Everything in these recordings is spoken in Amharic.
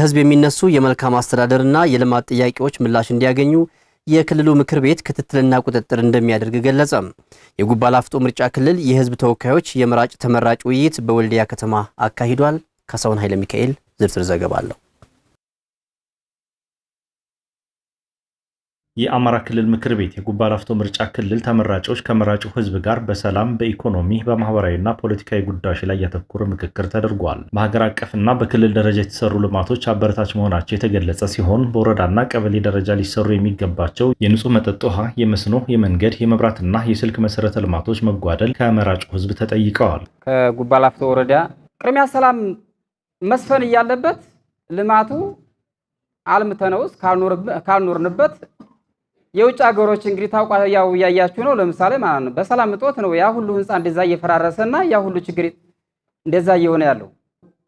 ከህዝብ የሚነሱ የመልካም አስተዳደርና የልማት ጥያቄዎች ምላሽ እንዲያገኙ የክልሉ ምክር ቤት ክትትልና ቁጥጥር እንደሚያደርግ ገለጸ። የጉባ ላፍቶ ምርጫ ክልል የህዝብ ተወካዮች የምራጭ ተመራጭ ውይይት በወልዲያ ከተማ አካሂዷል። ከሰውን ኃይለ ሚካኤል ዝርዝር ዘገባ አለው። የአማራ ክልል ምክር ቤት የጉባላፍቶ ምርጫ ክልል ተመራጮች ከመራጩ ሕዝብ ጋር በሰላም፣ በኢኮኖሚ፣ በማህበራዊና ፖለቲካዊ ጉዳዮች ላይ ያተኮረ ምክክር ተደርጓል። በሀገር አቀፍና በክልል ደረጃ የተሰሩ ልማቶች አበረታች መሆናቸው የተገለጸ ሲሆን በወረዳና ቀበሌ ደረጃ ሊሰሩ የሚገባቸው የንጹህ መጠጥ ውሃ፣ የመስኖ፣ የመንገድ፣ የመብራትና የስልክ መሰረተ ልማቶች መጓደል ከመራጩ ሕዝብ ተጠይቀዋል። ከጉባ ወረዳ ቅድሚያ ሰላም መስፈን እያለበት ልማቱ አልምተነውስ ካልኖርንበት የውጭ ሀገሮች እንግዲህ ታውቋ ያው እያያችሁ ነው። ለምሳሌ ማለት ነው በሰላም እጦት ነው ያ ሁሉ ህንፃ እንደዛ እየፈራረሰና ያ ሁሉ ችግር እንደዛ እየሆነ ያለው።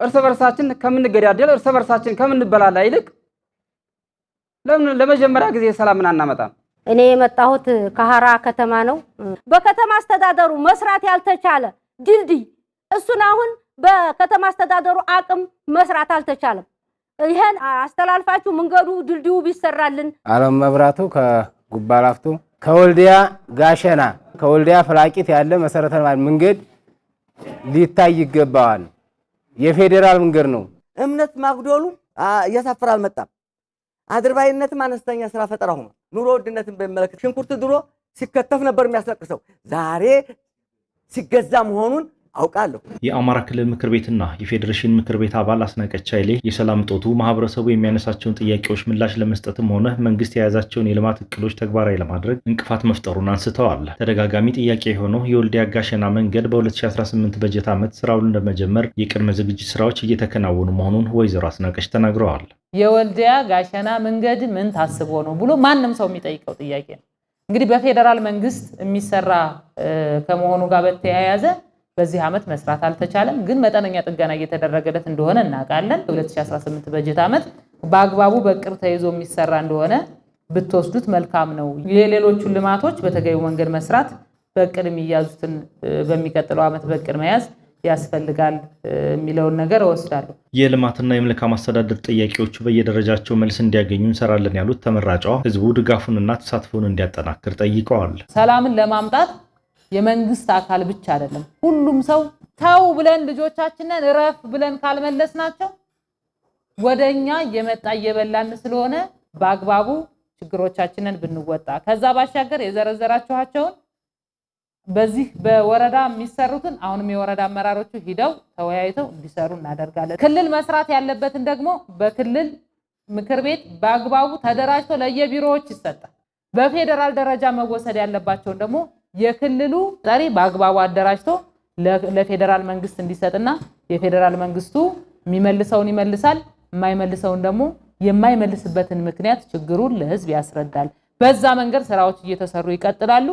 እርስ በርሳችን ከምንገዳደል እርስ በርሳችን ከምንበላላ ይልቅ ለምን ለመጀመሪያ ጊዜ ሰላምን አናመጣም? እኔ የመጣሁት ከሀራ ከተማ ነው። በከተማ አስተዳደሩ መስራት ያልተቻለ ድልድይ እሱን አሁን በከተማ አስተዳደሩ አቅም መስራት አልተቻለም። ይሄን አስተላልፋችሁ መንገዱ ድልድዩ ቢሰራልን። አለም መብራቱ ከጉባ ከወልዲያ ጋሸና፣ ከወልዲያ ፍላቂት ያለ መሰረተ ልማት መንገድ ሊታይ ይገባዋል። የፌዴራል መንገድ ነው። እምነት ማጉደሉ እያሳፈረ አልመጣም። አድርባይነትም አነስተኛ ስራ ፈጠራ ሆኗል። ኑሮ ውድነትን በሚመለከት ሽንኩርት ድሮ ሲከተፍ ነበር የሚያስለቅሰው ዛሬ ሲገዛ መሆኑን አውቃለሁ። የአማራ ክልል ምክር ቤትና የፌዴሬሽን ምክር ቤት አባል አስናቀች ኃይሌ የሰላም ጦቱ ማህበረሰቡ የሚያነሳቸውን ጥያቄዎች ምላሽ ለመስጠትም ሆነ መንግስት የያዛቸውን የልማት እቅዶች ተግባራዊ ለማድረግ እንቅፋት መፍጠሩን አንስተዋል። ተደጋጋሚ ጥያቄ የሆነው የወልዲያ ጋሸና መንገድ በ2018 በጀት ዓመት ስራውን እንደመጀመር የቅድመ ዝግጅት ስራዎች እየተከናወኑ መሆኑን ወይዘሮ አስናቀች ተናግረዋል። የወልዲያ ጋሸና መንገድ ምን ታስቦ ነው ብሎ ማንም ሰው የሚጠይቀው ጥያቄ ነው። እንግዲህ በፌዴራል መንግስት የሚሰራ ከመሆኑ ጋር በተያያዘ በዚህ ዓመት መስራት አልተቻለም፣ ግን መጠነኛ ጥገና እየተደረገለት እንደሆነ እናውቃለን በ የ2018 በጀት ዓመት በአግባቡ በቅር ተይዞ የሚሰራ እንደሆነ ብትወስዱት መልካም ነው። የሌሎቹን ልማቶች በተገቢ መንገድ መስራት በቅር የሚያዙትን በሚቀጥለው ዓመት በቅር መያዝ ያስፈልጋል የሚለውን ነገር እወስዳለሁ። የልማትና የመልካም አስተዳደር ጥያቄዎቹ በየደረጃቸው መልስ እንዲያገኙ እንሰራለን ያሉት ተመራጯ ህዝቡ ድጋፉንና ተሳትፎን እንዲያጠናክር ጠይቀዋል። ሰላምን ለማምጣት የመንግስት አካል ብቻ አይደለም። ሁሉም ሰው ተው ብለን ልጆቻችንን እረፍ ብለን ካልመለስናቸው። ወደኛ እየመጣ እየበላን ስለሆነ በአግባቡ ችግሮቻችንን ብንወጣ ከዛ ባሻገር የዘረዘራችኋቸውን በዚህ በወረዳ የሚሰሩትን አሁንም የወረዳ አመራሮቹ ሂደው ተወያይተው እንዲሰሩ እናደርጋለን። ክልል መስራት ያለበትን ደግሞ በክልል ምክር ቤት በአግባቡ ተደራጅቶ ለየቢሮዎች ይሰጣል። በፌዴራል ደረጃ መወሰድ ያለባቸውን ደግሞ የክልሉ ጠሪ በአግባቡ አደራጅቶ ለፌዴራል መንግስት እንዲሰጥና የፌዴራል መንግስቱ የሚመልሰውን ይመልሳል፣ የማይመልሰውን ደግሞ የማይመልስበትን ምክንያት ችግሩን ለህዝብ ያስረዳል። በዛ መንገድ ስራዎች እየተሰሩ ይቀጥላሉ።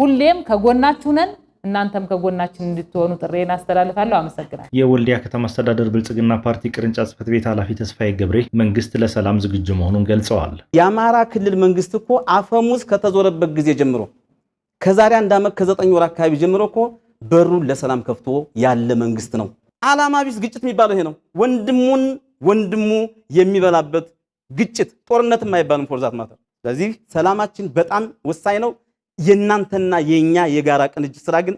ሁሌም ከጎናችሁ ነን። እናንተም ከጎናችን እንድትሆኑ ጥሬን አስተላልፋለሁ። አመሰግናል። የወልዲያ ከተማ አስተዳደር ብልጽግና ፓርቲ ቅርንጫፍ ጽፈት ቤት ኃላፊ ተስፋዬ ገብሬ መንግስት ለሰላም ዝግጁ መሆኑን ገልጸዋል። የአማራ ክልል መንግስት እኮ አፈሙዝ ከተዞረበት ጊዜ ጀምሮ ከዛሬ አንድ ዓመት ከዘጠኝ ወር አካባቢ ጀምሮ እኮ በሩን ለሰላም ከፍቶ ያለ መንግስት ነው። ዓላማ ቢስ ግጭት የሚባለው ይሄ ነው። ወንድሙን ወንድሙ የሚበላበት ግጭት ጦርነት የማይባልም ፎርዛት ማተር። ስለዚህ ሰላማችን በጣም ወሳኝ ነው። የእናንተና የኛ የጋራ ቅንጅት ስራ ግን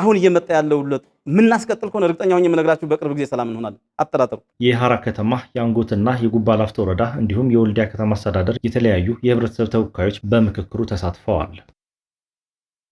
አሁን እየመጣ ያለው ለት የምናስቀጥል ከሆነ እርግጠኛ ሆኜ የምነግራችሁ በቅርብ ጊዜ ሰላም እንሆናለን፣ አጠራጠሩ። የሐራ ከተማ የአንጎትና የጉባ ላፍቶ ወረዳ እንዲሁም የወልዲያ ከተማ አስተዳደር የተለያዩ የህብረተሰብ ተወካዮች በምክክሩ ተሳትፈዋል።